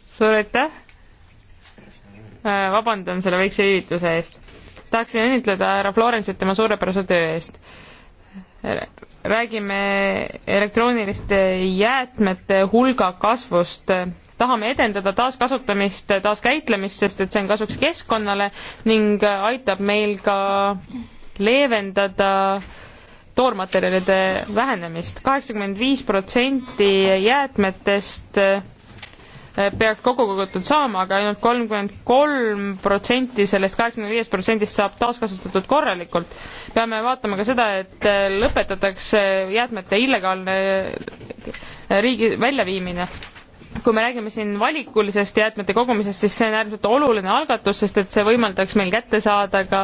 suur aitäh! Äh, vabandan selle väikse viivituse eest tahaksin õnnitleda härra Florensit tema suurepärase töö eest. räägime elektrooniliste jäätmete hulga kasvust tahame edendada taaskasutamist, taaskäitlemist, sest et see on kasuks keskkonnale ning aitab meil ka leevendada toormaterjalide vähenemist. kaheksakümmend viis protsenti jäätmetest Eh, peaks kokku kogutud saama aga, aga ainult kolmkümmend kolm protsenti sellest kaheksakümne viiest protsendist saab taaskasutatud korralikult. peame vaatama ka seda, et eh, lõpetatakse jäätmete illegaalne eh, riigi väljaviimine kui me räägime siin valikulisest jäätmete kogumisest, siis see on äärmiselt oluline algatus, sest et see võimaldaks meil kätte saada ka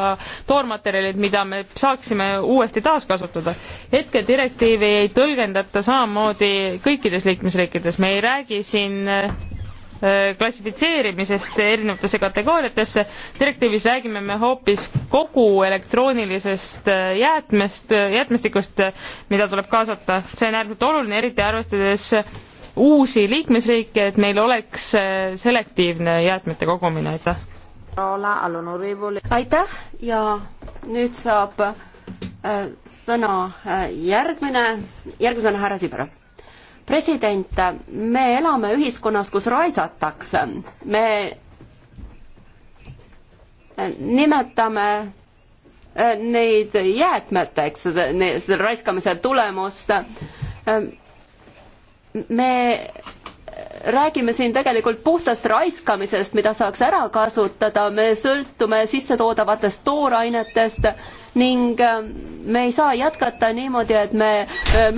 toormaterjalid, mida me saaksime uuesti taaskasutada. hetkel direktiivi ei tõlgendata samamoodi kõikides liikmesriikides, me ei räägi siin Äh, klassifitseerimisest erinevatesse kategooriatesse. direktiivis räägime me hoopis kogu elektroonilisest äh, jäätmest, äh, jäätmestikust, mida tuleb kaasata. see on äärmiselt oluline, eriti arvestades uusi liikmesriike, et meil oleks selektiivne jäätmete kogumine, aitäh. aitäh ja nüüd saab sõna järgmine, järgmisena härra Sibra president, me elame ühiskonnas, kus raisatakse. me nimetame eh, neid jäätmeteks, selle raiskamise tulemust. Eh, me räägime siin tegelikult puhtast raiskamisest, mida saaks ära kasutada, me sõltume sissetoodavatest toorainetest ning äh, me ei saa jätkata niimoodi, et me äh,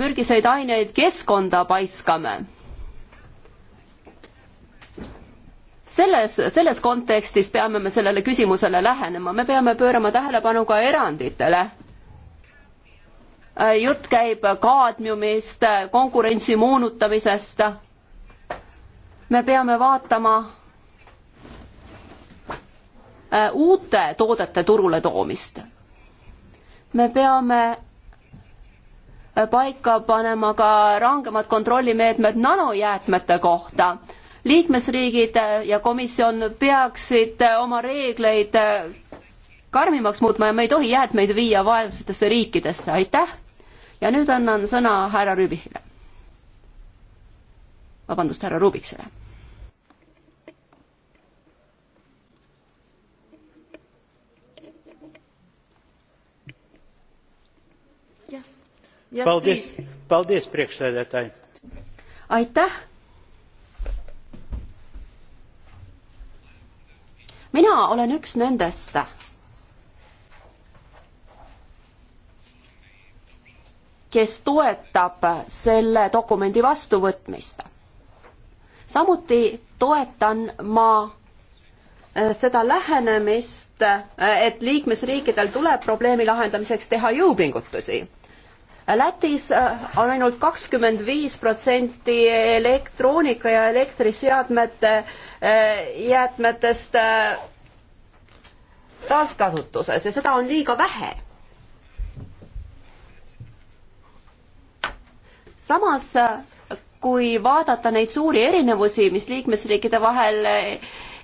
mürgiseid aineid keskkonda paiskame. selles, selles kontekstis peame me sellele küsimusele lähenema, me peame pöörama tähelepanu ka eranditele äh, jutt käib kaadmiumist, konkurentsi moonutamisest me peame vaatama äh, uute toodete turule toomist. me peame äh, paika panema ka rangemad kontrollimeetmed nanojäätmete kohta liikmesriigid äh, ja komisjon peaksid oma reegleid karmimaks muutma ja me ei tohi jäätmeid viia vaesutesse riikidesse, aitäh. ja nüüd annan sõna härra Rüübihile. vabandust, härra Rubiksele Yes. Yes, paldies, please. paldies priekšsēdētāji. aitäh. mina olen üks nendest, kes toetab selle dokumendi vastuvõtmist. samuti toetan ma eh, seda lähenemist, eh, et liikmesriikidel tuleb probleemi lahendamiseks teha jõupingutusi Lätis äh, on ainult kakskümmend viis protsenti elektroonika ja elektriseadmete äh, jäätmetest äh, taaskasutuses ja seda on liiga vähe. samas, kui vaadata neid suuri erinevusi, mis liikmesriikide vahel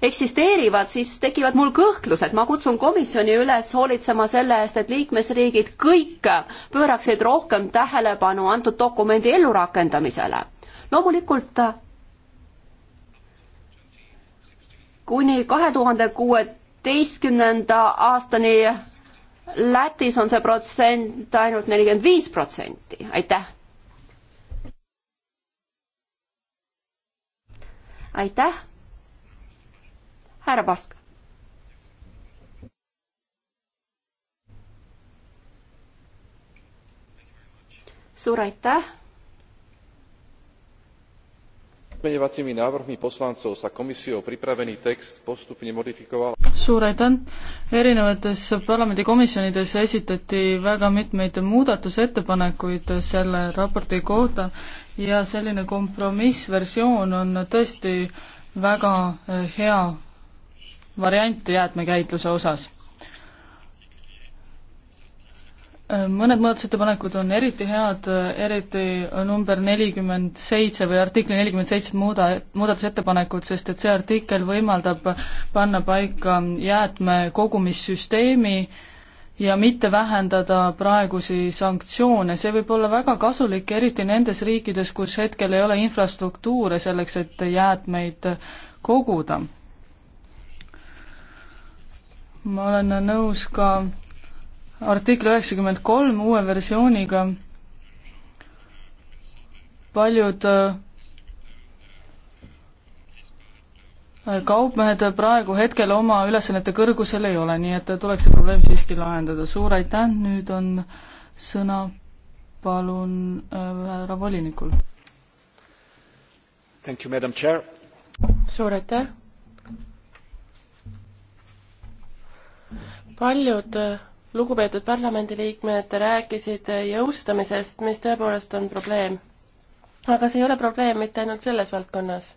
eksisteerivad, siis tekivad mul kõhklused. ma kutsun komisjoni üles hoolitsema selle eest, et liikmesriigid kõik pööraksid rohkem tähelepanu antud dokumendi ellurakendamisele. loomulikult kuni kahe tuhande kuueteistkümnenda aastani Lätis on see protsent ainult nelikümmend viis protsenti, aitäh. aitäh härra Pask. suur aitäh. pozmeňovacími návrhmi poslancov sa komisiou pripravený text postupne modifikoval. suur aitäh! erinevates parlamendikomisjonides esitati väga mitmeid muudatusettepanekuid selle raporti kohta ja selline kompromissversioon on tõesti väga hea variante jäätmekäitluse osas. mõned muudatusettepanekud on eriti head, eriti number nelikümmend seitse või artikli nelikümmend seitse muuda, muudatusettepanekud, sest et see artikkel võimaldab panna paika jäätmekogumissüsteemi, ja mitte vähendada praegusi sanktsioone, see võib olla väga kasulik, eriti nendes riikides, kus hetkel ei ole infrastruktuure selleks, et jäätmeid koguda ma olen nõus ka artikli üheksakümmend kolm uue versiooniga. paljud äh, kaupmehed praegu hetkel oma ülesannete kõrgusel ei ole, nii et tuleks see probleem siiski lahendada. suur aitäh, nüüd on sõna palun äh, härra äh, volinikul. suur aitäh paljud äh, lugupeetud parlamendiliikmed rääkisid äh, jõustamisest, mis tõepoolest on probleem. aga see ei ole probleem mitte ainult selles valdkonnas,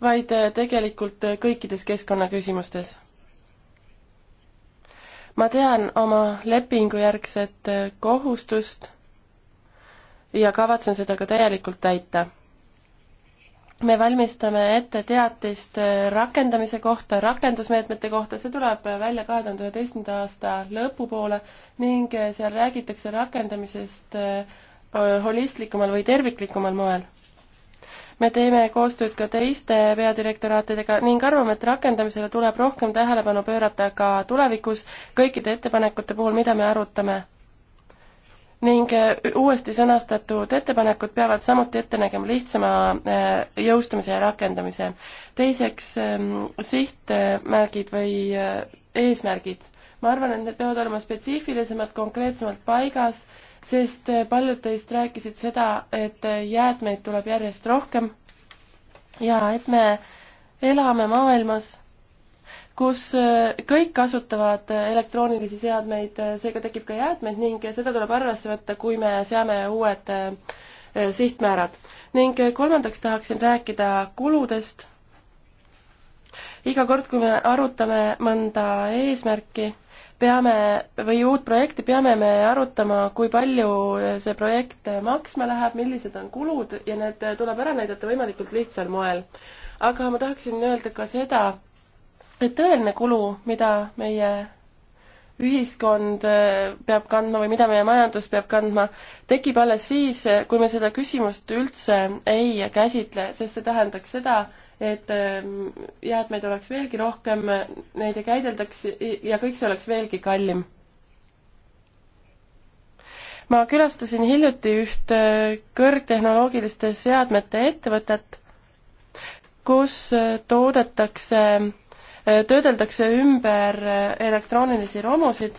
vaid äh, tegelikult kõikides keskkonnaküsimustes. ma tean oma lepingujärgset kohustust ja kavatsen seda ka täielikult täita me valmistame ette teatist äh, rakendamise kohta, rakendusmeetmete kohta, see tuleb äh, välja kahe tuhande üheteistkümnenda aasta lõpupoole ning äh, seal räägitakse rakendamisest holistlikumal või terviklikumal moel. me teeme koostööd ka teiste peadirektoraatidega ning arvame, et rakendamisele tuleb rohkem tähelepanu pöörata ka tulevikus kõikide ettepanekute puhul, mida me arutame ning äh, uuesti sõnastatud ettepanekud peavad samuti ette nägema lihtsama äh, jõustumise ja rakendamise. teiseks, ähm, sihtmärgid või äh, eesmärgid. ma arvan, et need peavad olema spetsiifilisemad, konkreetsemalt paigas, sest paljud teist rääkisid seda, et jäätmeid tuleb järjest rohkem ja et me elame maailmas, kus äh, kõik kasutavad äh, elektroonilisi seadmeid, äh, seega tekib ka jäätmeid ning seda tuleb arvesse võtta, kui me seame uued sihtmäärad. ning kolmandaks tahaksin rääkida kuludest. iga kord, kui me arutame mõnda eesmärki, peame või uut projekti peame me arutama, kui palju see projekt maksma läheb, millised on kulud ja need tuleb ära näidata võimalikult lihtsal moel. aga ma tahaksin öelda ka seda, et tõeline kulu, mida meie ühiskond äh, peab kandma või mida meie majandus peab kandma, tekib alles siis, äh, kui me seda küsimust üldse ei käsitle, sest see tähendaks seda, et äh, jäätmeid oleks veelgi rohkem, neid ei käideldaks ja kõik see oleks veelgi kallim. ma külastasin hiljuti üht kõrgtehnoloogiliste seadmete ettevõtet, kus toodetakse töödeldakse ümber elektroonilisi romusid.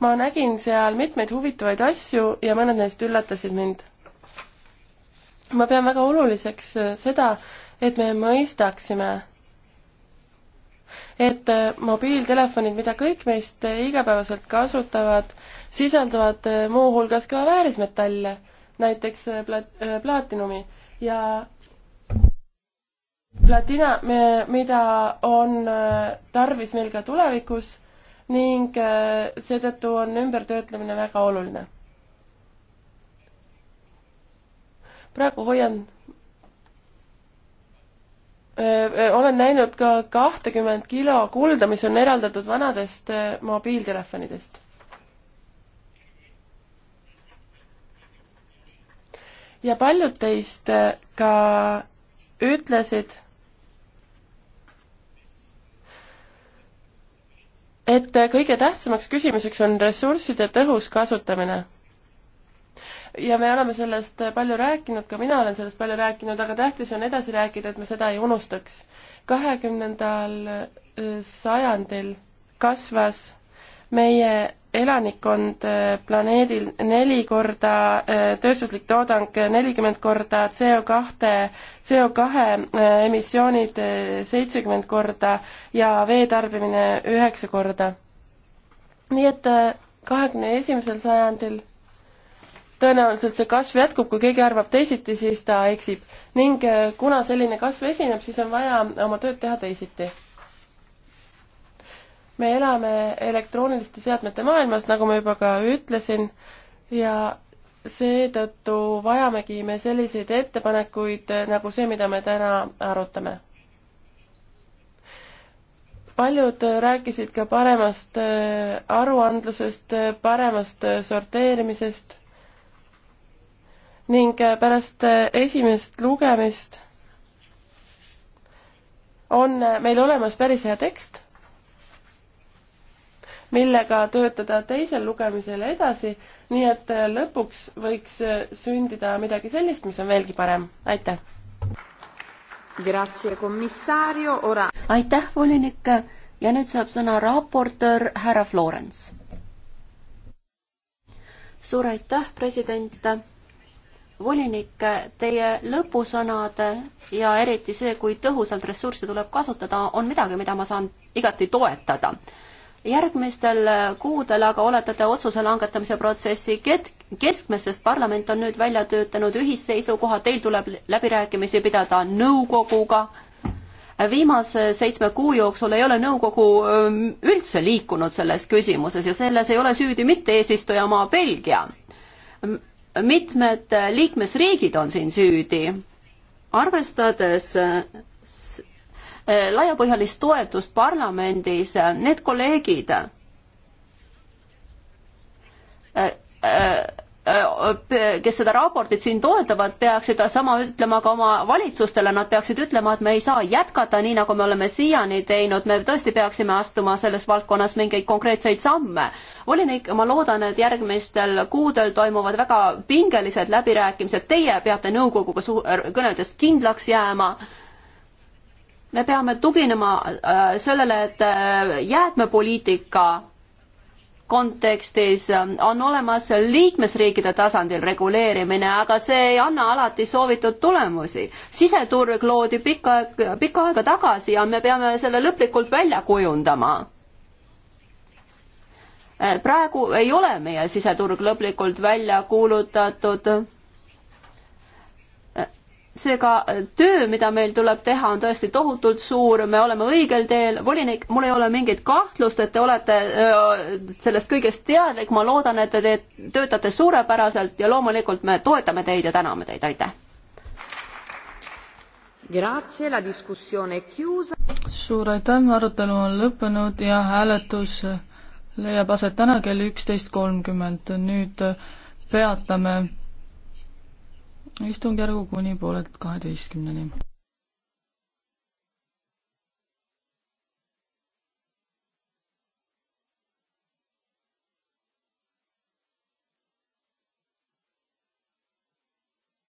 ma nägin seal mitmeid huvitavaid asju ja mõned neist üllatasid mind. ma pean väga oluliseks seda, et me mõistaksime, et mobiiltelefonid, mida kõik meist igapäevaselt kasutavad, sisaldavad muuhulgas ka väärismetalle, näiteks plat-, plaatinumi ja platina, mida on äh, tarvis meil ka tulevikus ning äh, seetõttu on ümbertöötlemine väga oluline. praegu hoian äh, olen näinud ka kahtekümmend kilo kulda, mis on eraldatud vanadest mobiiltelefonidest. ja paljud teist ka ütlesid, et kõige tähtsamaks küsimuseks on ressursside tõhus kasutamine. ja me oleme sellest palju rääkinud, ka mina olen sellest palju rääkinud, aga tähtis on edasi rääkida, et me seda ei unustaks. kahekümnendal äh, sajandil kasvas meie elanikkond eh, planeedil neli korda eh, tööstuslik toodang, nelikümmend korda CO kahte, CO kahe eh, emissioonid seitsekümmend korda ja vee tarbimine üheksa korda. nii et kahekümne esimesel sajandil tõenäoliselt see kasv jätkub, kui keegi arvab teisiti, siis ta eksib. ning kuna selline kasv esineb, siis on vaja oma tööd teha teisiti me elame elektrooniliste seadmete maailmas, nagu ma juba ka ütlesin, ja seetõttu vajamegi me selliseid ettepanekuid nagu see, mida me täna arutame. paljud rääkisid ka paremast äh, aruandlusest, äh, paremast äh, sorteerimisest ning pärast esimest lugemist on meil olemas päris hea tekst millega töötada teisel lugemisel edasi, nii et äh, lõpuks võiks äh, sündida midagi sellist, mis on veelgi parem. aitäh! aitäh, volinik ja nüüd saab sõna raportöör härra Florence. suur aitäh, president! volinik, teie lõpusõnad ja eriti see, kui tõhusalt ressursse tuleb kasutada, on midagi, mida ma saan igati toetada järgmistel kuudel aga olete te otsuse langetamise protsessi keskmes, sest parlament on nüüd välja töötanud ühisseisukoha, teil tuleb läbirääkimisi pidada nõukoguga. viimase seitsme kuu jooksul ei ole nõukogu üldse liikunud selles küsimuses ja selles ei ole süüdi mitte eesistujamaa Belgia. mitmed liikmesriigid on siin süüdi. arvestades laiapõhjalist toetust parlamendis, need kolleegid äh, äh, kes seda raportit siin toetavad, peaksid sama ütlema ka oma valitsustele, nad peaksid ütlema, et me ei saa jätkata nii, nagu me oleme siiani teinud, me tõesti peaksime astuma selles valdkonnas mingeid konkreetseid samme. volinik, ma loodan, et järgmistel kuudel toimuvad väga pingelised läbirääkimised, teie peate nõukoguga kõneldes kindlaks jääma me peame tuginema äh, sellele, et äh, jäätmepoliitika kontekstis ähm, on olemas liikmesriikide tasandil reguleerimine, aga see ei anna alati soovitud tulemusi. siseturg loodi pikka, pikka aega tagasi ja me peame selle lõplikult välja kujundama. Äh, praegu ei ole meie siseturg lõplikult välja kuulutatud seega äh, töö, mida meil tuleb teha, on tõesti tohutult suur, me oleme õigel teel, volinik, mul ei ole mingit kahtlust, et te olete äh, sellest kõigest teadlik, ma loodan, et te teed, töötate suurepäraselt ja loomulikult me toetame teid ja täname teid, aitäh! suur aitäh, arutelu on lõppenud ja hääletus leiab aset täna kell üksteist kolmkümmend, nüüd äh, peatame istungjärgu kuni pooled kaheteistkümneni.